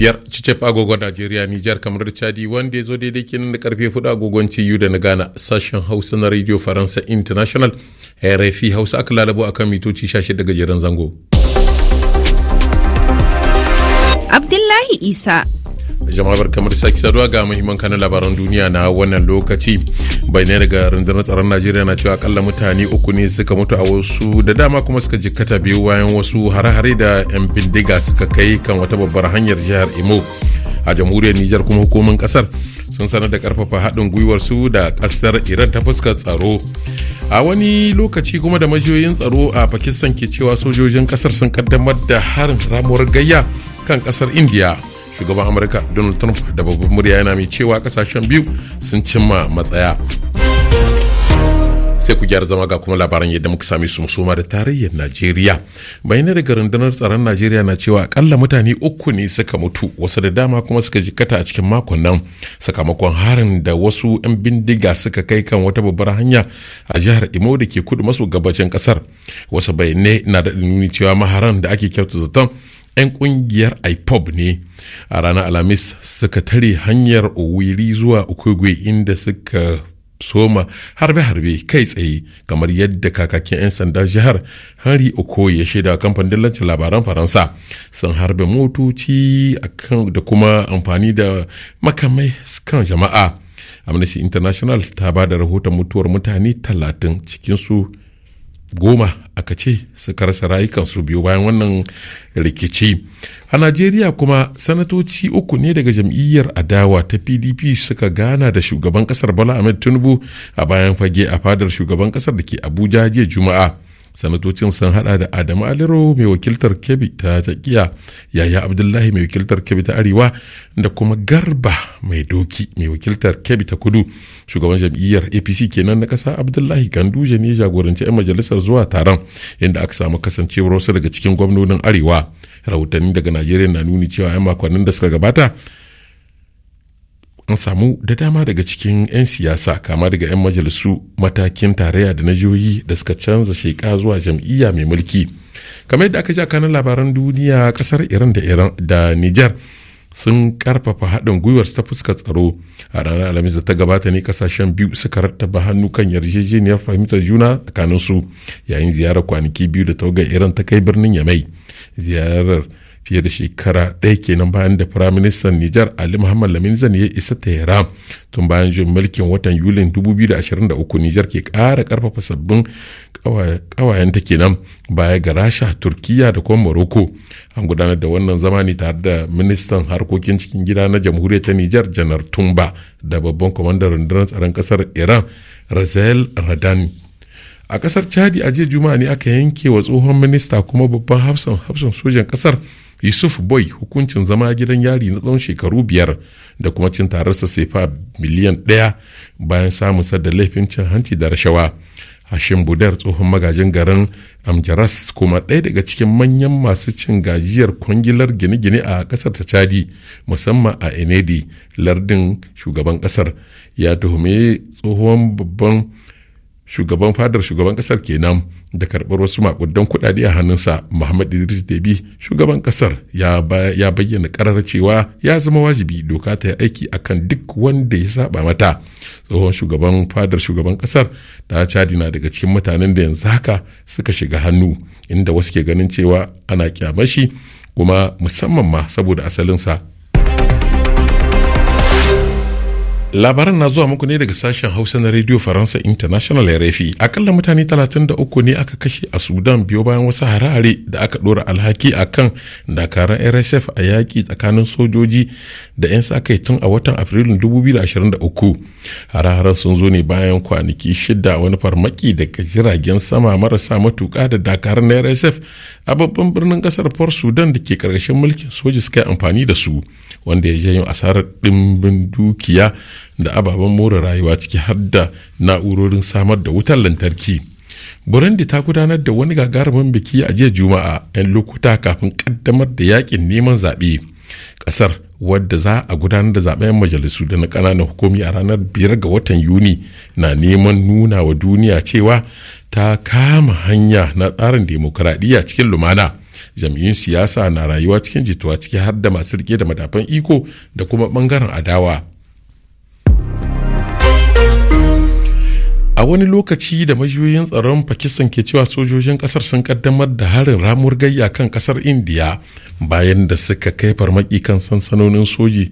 biyar cicef agogon najeriya nijar kamar chadi wanda ya zo daidai kenan da karfe hudu agogon ciyu da na ghana sashen hausa na radio faransa international eh, rfi hausa aka lalabo akan mitoci shashi daga jiran zango abdullahi isa jama'a kamar da sake saduwa ga muhimman kanin labaran duniya na wannan lokaci bayanai daga rundunar tsaron najeriya na cewa akalla mutane uku ne suka mutu a wasu da dama kuma suka jikkata biyu bayan wasu hare-hare da yan bindiga suka kai kan wata babbar hanyar jihar imo a jamhuriyar nijar kuma hukumomin kasar sun sanar da karfafa haɗin gwiwar su da ƙasar iran ta fuskar tsaro a wani lokaci kuma da majiyoyin tsaro a pakistan ke cewa sojojin kasar sun kaddamar da harin ramuwar gayya kan kasar india shugaban amurka donald trump da babban murya yana mai cewa kasashen biyu sun cimma matsaya sai ku gyara zama ga kuma labaran yadda muka sami su musoma da tarayyar najeriya bayanai daga rundunar tsaron najeriya na cewa akalla mutane uku ne suka mutu wasu da dama kuma suka jikata a cikin makon nan sakamakon harin da wasu 'yan bindiga suka kai kan wata babbar hanya a jihar imo da ke kudu maso gabacin kasar wasu bayanai na da nuni cewa maharan da ake kyauta zaton 'yan ƙungiyar ipob ne a ranar alhamis suka tare hanyar owiri zuwa ukwegwe inda suka soma harbe-harbe kai tsaye kamar yadda kakakin 'yan sanda jihar hari oko ya shaida kamfanin dillancin labaran faransa sun harbe motoci da kuma amfani da makamai kan jama'a amnesty international ta ba da rahoton mutuwar mutane talatin cikinsu goma aka ce suka rasa rayukansu biyu bayan wannan rikici a najeriya kuma sanatoci uku ne daga jam'iyyar adawa ta pdp suka gana da shugaban kasar bala ahmed tinubu a bayan fage a fadar shugaban kasar da ke abuja jiya juma'a sanatocin sun hada da adamu aliro mai wakiltar kebbi ta takiya yaya abdullahi mai wakiltar kebbi ta arewa da kuma garba mai doki mai wakiltar kebbi ta kudu shugaban jam'iyyar apc kenan na kasa abdullahi ganduje ne jagoranci 'yan majalisar zuwa taron inda aka samu kasancewar wasu daga cikin gwamnonin arewa rahotanni daga najeriya na nuni cewa 'yan makonnin da suka gabata an samu da dama daga cikin 'yan siyasa kama daga 'yan majalisu matakin tarayya da na jihohi da suka canza sheka zuwa jam'iyya mai mulki kamar yadda aka ji a kanan labaran duniya kasar iran da iran da niger sun karfafa haɗin gwiwar ta fuskar tsaro a ranar alhamis da ta gabata ne kasashen biyu suka rattaba hannu kan yarjejeniyar fahimtar juna tsakanin su yayin ziyarar kwanaki biyu da tawagar iran ta kai birnin yamai ziyarar fiye da shekara ɗaya kenan bayan da firaministan nijar ali muhammad lamin zan ya isa tehera tun bayan jin mulkin watan yulin 2023 nijar ke ƙara ƙarfafa sabbin ƙawayenta kenan baya ga rasha turkiya da kuma morocco an gudanar da wannan zama tare da ministan harkokin cikin gida na jamhuriyar ta nijar janar tumba da babban kwamandan rundunar tsaron ƙasar iran razel radani a kasar chadi a jiya juma'a ne aka yanke wa tsohon minista kuma babban hafsan hafsan sojan kasar yusuf boy hukuncin zama gidan yari na tsawon shekaru biyar da kuma cin tararsa sefa miliyan ɗaya bayan samun da laifin cin hanci da rashawa hashim budar tsohon magajin garin amjaras kuma ɗaya daga cikin manyan masu cin gajiyar kwangilar gine-gine a ƙasar ta chadi musamman a enedi lardin shugaban ƙasar ya tuhumi tsohon babban shugaban fadar shugaban kasar kenan da karbar wasu makudan kudade a hannunsa muhammad idris debi shugaban kasar ya bayyana karar cewa ya zama wajibi doka ta yi aiki akan duk wanda ya saba mata tsohon shugaban fadar shugaban kasar da chadi na daga cikin mutanen da yanzu haka suka shiga hannu inda wasu ke ganin cewa ana kyamashi kuma musamman ma saboda asalinsa labaran na zuwa muku ne daga sashen hausa na radio faransa international ya rfi akalla mutane 33 ne aka kashe a sudan biyo bayan wasu harare da aka dora alhaki a kan dakaran rsf a yaƙi tsakanin sojoji da 'yan sa kai tun a watan afrilun 2023 hare sun zo ne bayan kwanaki shida wani farmaki daga jiragen sama marasa matuka da dakaran na rsf a babban birnin kasar port sudan da ke karkashin mulkin soji suka amfani da su wanda ya yin asarar dimbin dukiya da ababen more rayuwa ciki har da na'urorin samar da wutar lantarki burundi ta gudanar da wani gagarumin biki a jiya juma'a 'yan lokuta kafin kaddamar da yakin neman zaɓe ƙasar wadda za a gudanar da zaɓen majalisu da na ƙananan hukumi a ranar biyar ga watan yuni na neman nuna wa duniya cewa ta kama hanya na tsarin demokuraɗiyya cikin lumana jam'iyyun siyasa na rayuwa cikin jituwa ciki har da masu rike da madafan iko da kuma ɓangaren adawa a wani lokaci da majiyoyin tsaron pakistan ke cewa sojojin kasar sun kaddamar da harin ramuwar gayya kan kasar indiya bayan da suka kai farmaki kan sansanonin soji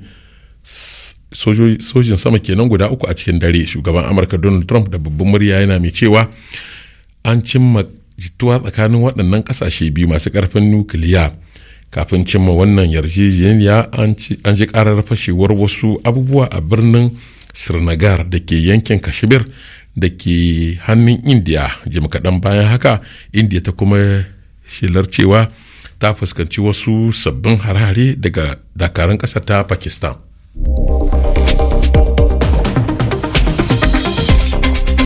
sojin sama kenan guda uku a cikin dare shugaban amurka donald trump da babban murya yana mai cewa an cimma jituwa tsakanin waɗannan ƙasashe biyu masu ƙarfin nukiliya kafin cimma wannan yarjejeniya an ji ƙarar fashewar wasu abubuwa a birnin sirnagar da ke yankin kashmir da ke hannun indiya jim kaɗan bayan haka indiya ta kuma shelar cewa ta fuskanci wasu sabbin harare daga dakarun ƙasa ta pakistan